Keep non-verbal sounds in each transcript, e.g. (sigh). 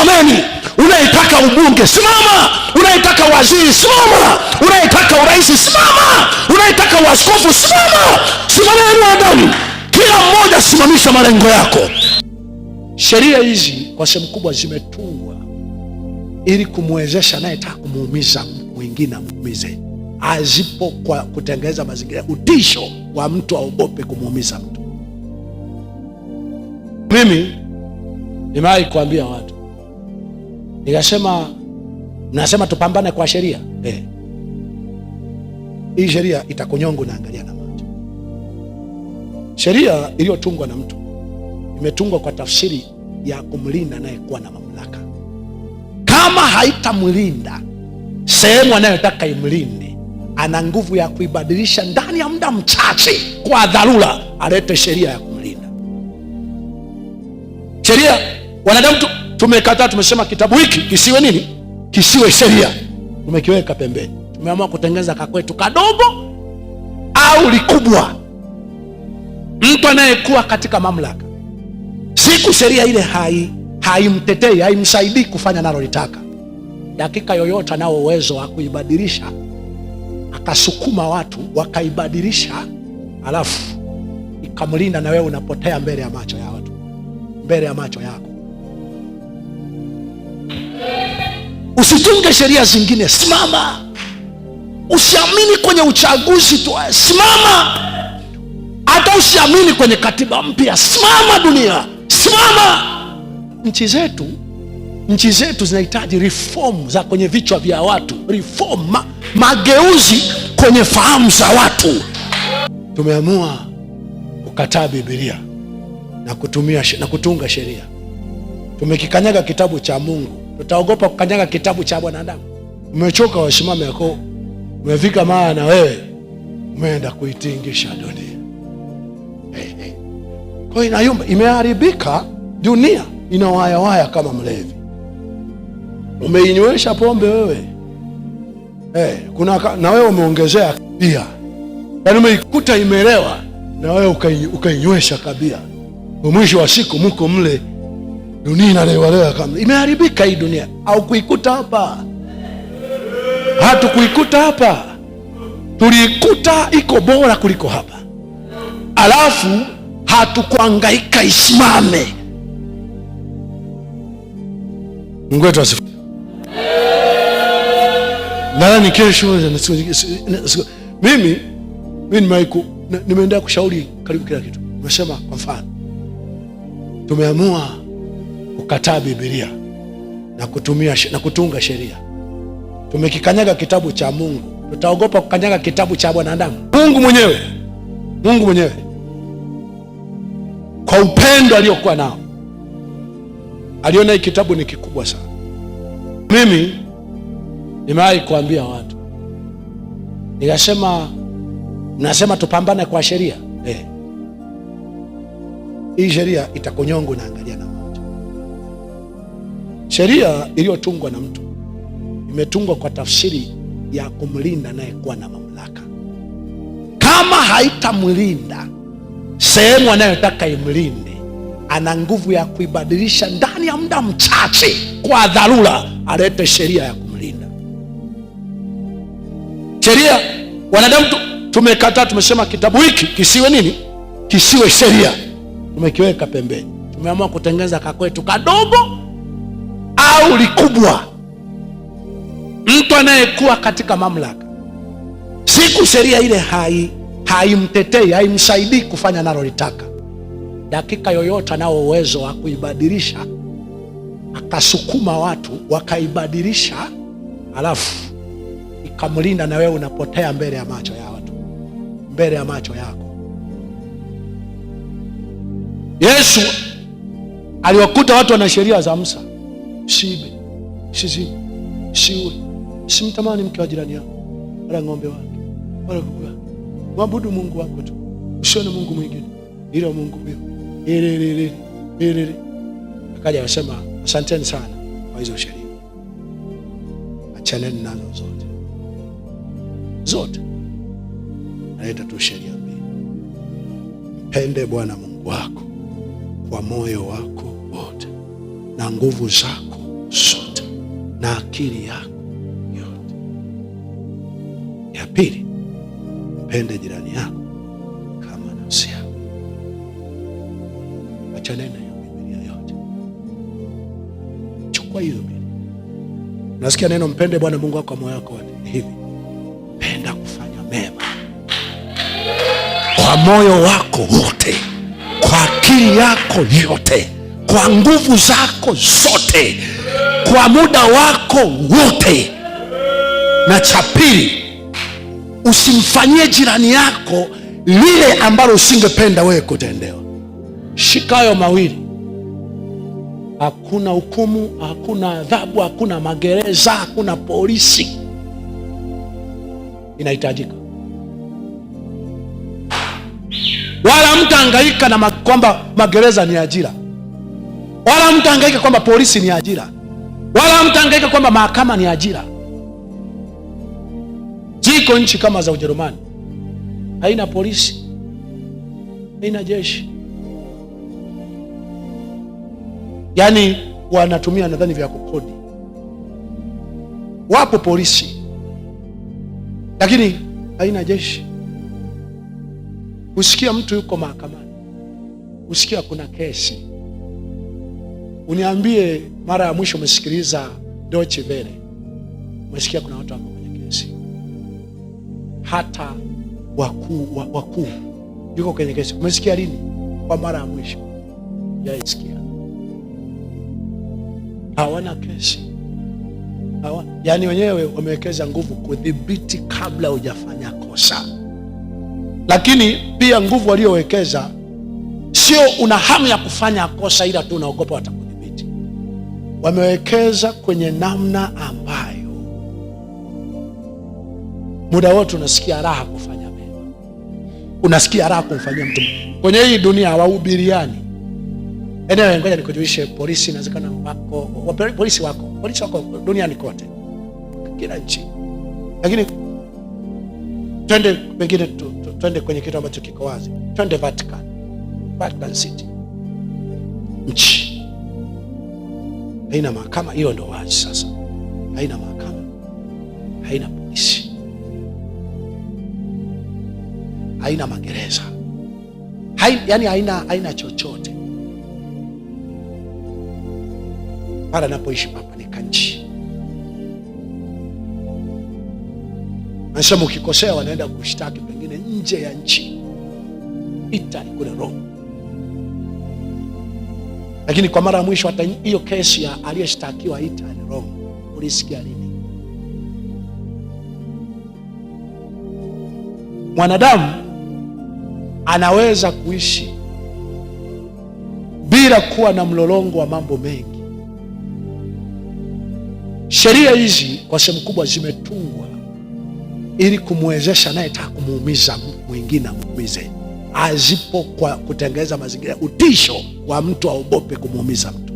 simameni. Unayetaka ubunge simama, unayetaka waziri simama, unayetaka urais simama, unayetaka waskofu simama. Simameni wanadamu, kila mmoja simamisha malengo yako. Sheria hizi kwa sehemu kubwa zimetungwa ili kumwezesha anayetaka kumuumiza mwingine amuumize, azipo kwa kutengeneza mazingira utisho wa mtu aogope kumuumiza mtu. Mimi nimewahi kuambia watu Nikasema nasema tupambane kwa sheria eh. Hii sheria na angalia na macho. Sheria iliyotungwa na mtu imetungwa kwa tafsiri ya kumlinda anayekuwa na mamlaka. Kama haitamlinda sehemu anayotaka imlinde, ana nguvu ya kuibadilisha ndani ya muda mchache. Kwa dharura, alete sheria ya kumlinda sheria wanadamu Tumekataa, tumesema kitabu hiki kisiwe nini? Kisiwe sheria. Tumekiweka pembeni, tumeamua kutengeza kakwetu kadogo au likubwa. Mtu anayekuwa katika mamlaka, siku sheria ile haimtetei, hai haimsaidii kufanya nalolitaka, dakika yoyote anao uwezo wa kuibadilisha, akasukuma watu wakaibadilisha, alafu ikamlinda na wewe unapotea mbele ya macho ya watu, mbele ya macho yako. usitunge sheria zingine, simama. Usiamini kwenye uchaguzi tu, simama. Hata usiamini kwenye katiba mpya, simama. Dunia simama. Nchi zetu nchi zetu zinahitaji rfom za kwenye vichwa vya watu, rfom ma, mageuzi kwenye fahamu za watu. Tumeamua kukataa bibilia na, na kutunga sheria. Tumekikanyaga kitabu cha Mungu utaogopa kukanyaga kitabu cha bwanadamu Umechoka wasimame yako, umefika maya na wewe umeenda kuitingisha dunia. Hey, hey. Kwa inayumba, imeharibika dunia, ina wayawaya kama mlevi. Umeinywesha pombe wewe, hey, kuna na wewe umeongezea kabia, yani umeikuta imelewa na wewe ukainywesha kabia, mwisho wa siku mko mle Dunia inalewalewa kama imeharibika hii dunia, au kuikuta hapa? Hatukuikuta hapa, tuliikuta iko bora kuliko hapa, alafu hatukuangaika isimame. Mungu wetu asifiwe. Nadhani kesho mimi mimi nimeendea kushauri karibu kila kitu, nimesema kwa mfano tumeamua kukataa Bibilia na, kutumia, na kutunga sheria. Tumekikanyaga kitabu cha Mungu, tutaogopa kukanyaga kitabu cha bwanadamu Mungu mwenyewe, Mungu mwenyewe kwa upendo aliokuwa nao aliona hii kitabu ni kikubwa sana. Mimi nimewahi kuambia watu nikasema, nasema tupambane kwa sheria eh. Hii sheria itakunyonga, unaangalia na Sheria iliyotungwa na mtu imetungwa kwa tafsiri ya kumlinda anayekuwa na mamlaka. Kama haitamlinda sehemu anayotaka imlinde, ana nguvu ya kuibadilisha ndani ya muda mchache, kwa dharura alete sheria ya kumlinda. Sheria wanadamu tumekataa, tumesema kitabu hiki kisiwe nini? Kisiwe sheria. Tumekiweka pembeni, tumeamua kutengeneza kakwetu kadogo au likubwa. Mtu anayekuwa katika mamlaka, siku sheria ile haimtetei, haimsaidii kufanya analolitaka, dakika yoyote anao uwezo wa kuibadilisha, akasukuma watu wakaibadilisha, alafu ikamlinda na wewe unapotea mbele ya macho ya watu, mbele ya macho yako. Yesu aliwakuta watu wana sheria za Musa Shibe, shizini, shiwe, simtamani mke wa jirani yako wala ng'ombe wake wala kuku wake. Mwabudu Mungu wako tu, usione Mungu mwingine ila Mungu huyo. Ilelele Akaja akasema asanteni sana kwa hizo sheria, achaneni nazo zote zote, naleta tu sheria mbili: mpende Bwana Mungu wako kwa moyo wako wote na nguvu zako na akili yako yote. Ya pili, mpende jirani yako kama nafsi yako. Achanena hiyo Biblia yote, chukua hiyo Biblia. Nasikia neno mpende Bwana Mungu wako kwa moyo wako wote. Hivi penda kufanya mema kwa moyo wako wote, kwa akili yako yote, kwa nguvu zako zote kwa muda wako wote, na cha pili, usimfanyie jirani yako lile ambalo usingependa wewe kutendewa. Shika hayo mawili, hakuna hukumu, hakuna adhabu, hakuna magereza, hakuna polisi inahitajika wala angaika na kwamba magereza ni ajira, wala angaika kwamba polisi ni ajira wala hamtahangaika kwamba mahakama ni ajira. Ziko nchi kama za Ujerumani haina polisi, haina jeshi, yaani wanatumia nadhani vya kukodi. Wapo polisi lakini haina jeshi. Husikia mtu yuko mahakamani, husikia kuna kesi Uniambie mara ya mwisho umesikiliza Deutsche Welle. Umesikia kuna watu wako kwenye kesi, hata wakuu waku, yuko kwenye kesi. Umesikia lini kwa mara ya mwisho? Jaisikia hawana kesi, Hawa, yaani, wenyewe wamewekeza nguvu kudhibiti kabla hujafanya kosa, lakini pia nguvu waliowekeza sio una hamu ya kufanya kosa, ila tu unaogopa wamewekeza kwenye namna ambayo muda wote unasikia raha kufanya mema, unasikia raha kumfanyia mtu kwenye hii dunia hawahubiriani. Eneo ngoja nikujulishe, polisi inawezekana wako, polisi wako, polisi wako duniani kote, kila nchi, lakini twende pengine twende kwenye kitu ambacho kiko wazi, twende Vatican, Vatican City, nchi haina mahakama. hiyo ndo wazi sasa, haina mahakama, haina polisi, haina magereza, haina, yani haina, haina chochote. mara anapoishi papa ni kanchi. Anasema ukikosea wanaenda kushtaki pengine nje ya nchi, Italy kule Roma. Lakini kwa mara ya mwisho hata hiyo kesi ya aliyeshtakiwa Ethan Rong ulisikia lini? Mwanadamu anaweza kuishi bila kuwa na mlolongo wa mambo mengi. Sheria hizi kwa sehemu kubwa zimetungwa ili kumwezesha anayetaka kumuumiza mwingine amuumize azipo kwa kutengeneza mazingira utisho wa mtu aogope kumuumiza mtu.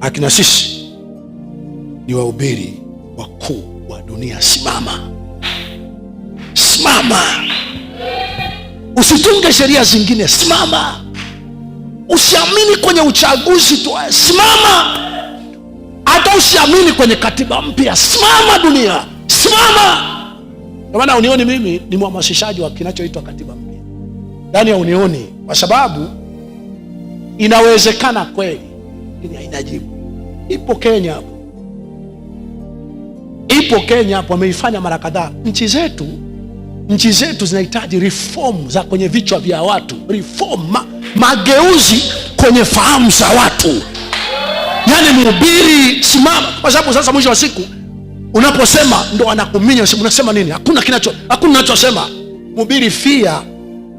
Akina sisi ni wahubiri wakuu wa dunia. Simama, simama, usitunge sheria zingine. Simama, usiamini kwenye uchaguzi tu. Simama, hata usiamini kwenye katiba mpya. Simama dunia, simama. Ndio maana unioni mimi ni mhamasishaji wa kinachoitwa katiba mpya ndani ya unioni, kwa sababu inawezekana kweli, lakini haina jibu. Ipo Kenya hapo, ipo Kenya hapo, wameifanya mara kadhaa. Nchi zetu nchi zetu zinahitaji reform za kwenye vichwa vya watu, reform ma, mageuzi kwenye fahamu za watu. yaani mhubiri, simama, kwa sababu sasa mwisho wa siku Unaposema ndo anakuminya, unasema nini? Hakuna kinacho, hakuna nachosema. Mhubiri fia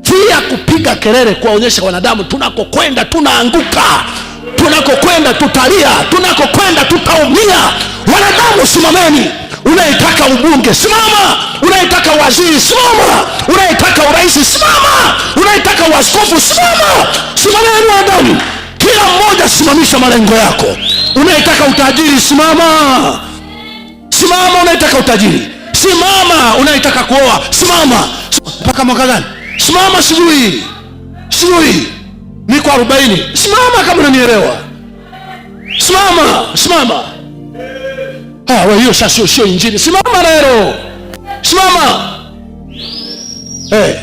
fia kupiga kelele, kuwaonyesha wanadamu tunakokwenda tunaanguka, tunakokwenda tutalia, tunakokwenda tutaumia. Wanadamu simameni! Unayetaka ubunge simama, unayetaka waziri simama, unayetaka urais simama, unayetaka waskofu simama. Simameni wanadamu, kila mmoja simamisha malengo yako. Unayetaka utajiri simama simama unaitaka utajiri, simama unaitaka kuoa, simama mpaka mwaka gani? Simama sijui sijui miko arobaini, simama kama unanielewa, simama simama. Ah, wewe hiyo sasa sio injili, simama leo, simama hey. Eh.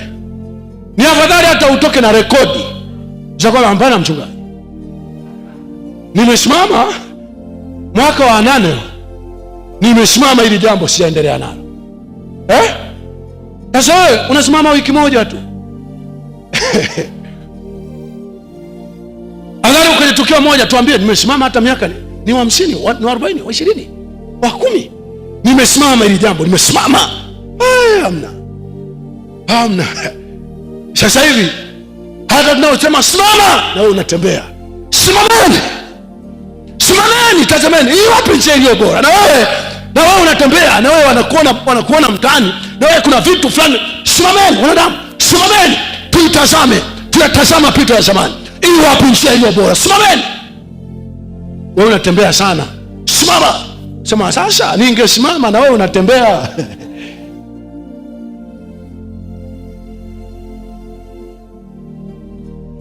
Ni afadhali hata utoke na rekodi za kwamba hapana, mchungaji, nimesimama mwaka wa nane nimesimama hili jambo, sijaendelea nalo eh? Sasa wewe unasimama wiki moja tu (laughs) angalau kwenye tukio moja tuambie, nimesimama hata miaka ni wa hamsini ni wa arobaini wa ishirini wa kumi nimesimama hili jambo, nimesimama amna amna Sasa hivi hata tunaosema simama, na wewe unatembea simamani tazameni tazameni hii wapi njia iliyo bora na wewe na wewe unatembea na wewe wanakuona wanakuona mtaani na wewe kuna vitu fulani simameni wanadamu simameni tuitazame tuyatazama pito ya zamani hii wapi njia iliyo bora simameni wewe unatembea sana simama sema sasa ningesimama na wewe unatembea (laughs)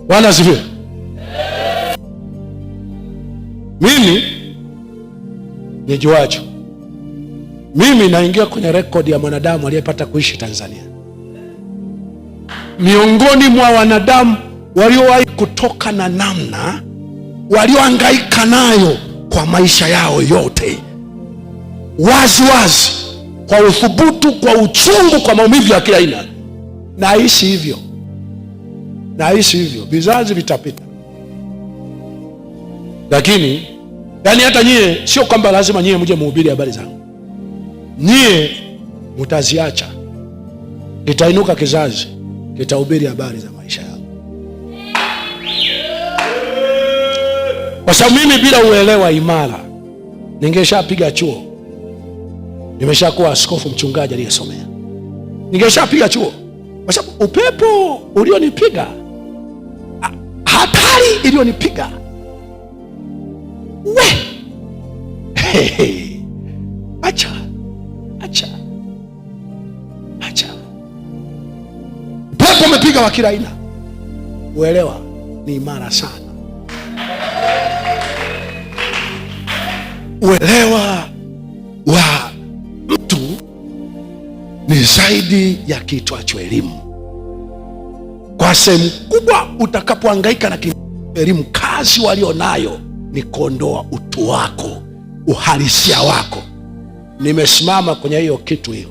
bwana asifiwe mimi nijuacho, mimi naingia kwenye rekodi ya mwanadamu aliyepata kuishi Tanzania, miongoni mwa wanadamu waliowahi kutoka na namna walioangaika nayo kwa maisha yao yote, wazi wazi, kwa uthubutu, kwa uchungu, kwa maumivu ya kila aina. Naishi hivyo, naishi hivyo, vizazi vitapita lakini yani hata nyie sio kwamba lazima nyie mje muhubiri habari zangu, nyie mtaziacha. Kitainuka kizazi kitahubiri habari za maisha yao, kwa sababu mimi bila uelewa imara ningeshapiga chuo, nimeshakuwa askofu mchungaji aliyesomea, ningeshapiga chuo, kwa sababu upepo ulionipiga, hatari iliyonipiga we hey, hey. Acha acha acha, pepo umepiga wa kila aina. Uelewa ni imara sana, uelewa wa mtu ni zaidi ya kiitwacho elimu. Kwa sehemu kubwa utakapoangaika na elimu kazi walionayo ni kuondoa utu wako, uhalisia wako. Nimesimama kwenye hiyo kitu hiyo,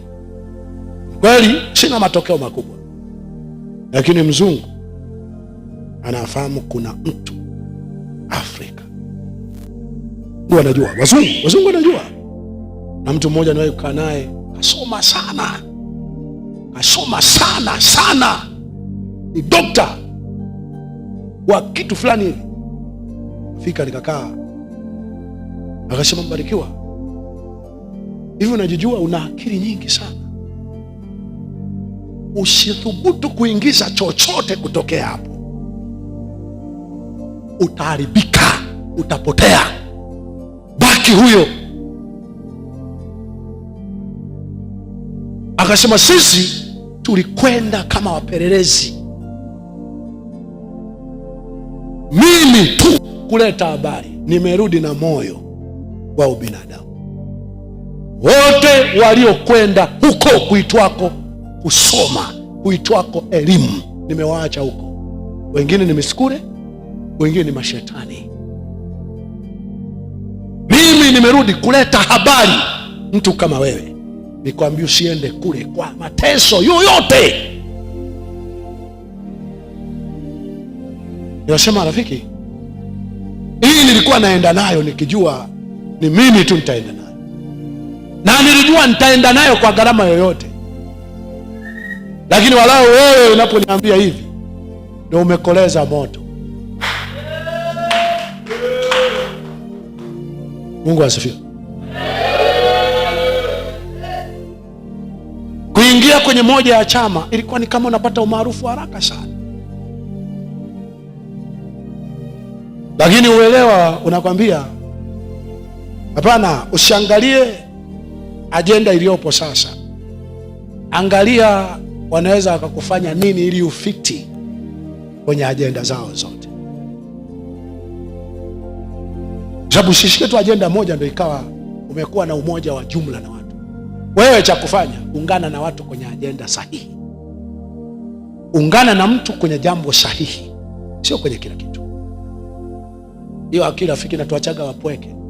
kweli sina matokeo makubwa, lakini mzungu anafahamu kuna mtu Afrika. Mungu anajua, wazungu wazungu anajua. Na mtu mmoja niwahi kukaa naye, kasoma sana, kasoma sana sana, ni dokta wa kitu fulani hivi fika nikakaa, akasema Mbarikiwa, hivi unajijua una akili nyingi sana, usithubutu kuingiza chochote kutokea hapo, utaharibika, utapotea, baki huyo. Akasema sisi tulikwenda kama wapelelezi, mimi tu kuleta habari, nimerudi na moyo wa ubinadamu. Wote waliokwenda huko kuitwako kusoma, kuitwako elimu, nimewaacha huko. Wengine ni misukure, wengine ni mashetani. Mimi nimerudi kuleta habari. Mtu kama wewe nikwambia, usiende kule kwa mateso yoyote. Inasema rafiki nilikuwa naenda nayo nikijua ni mimi tu nitaenda nayo, na nilijua nitaenda nayo kwa gharama yoyote. Lakini walau wewe unaponiambia hivi, ndio umekoleza moto. Mungu asifiwe. Kuingia kwenye moja ya chama ilikuwa ni kama unapata umaarufu haraka sana. Lakini uelewa unakwambia hapana, usiangalie ajenda iliyopo sasa, angalia wanaweza wakakufanya nini ili ufiti kwenye ajenda zao zote, sababu usishike tu ajenda moja ndo ikawa umekuwa na umoja wa jumla na watu. Wewe cha kufanya, ungana na watu kwenye ajenda sahihi, ungana na mtu kwenye jambo sahihi, sio kwenye kila kitu hiyo akili rafiki inatuachaga wapweke.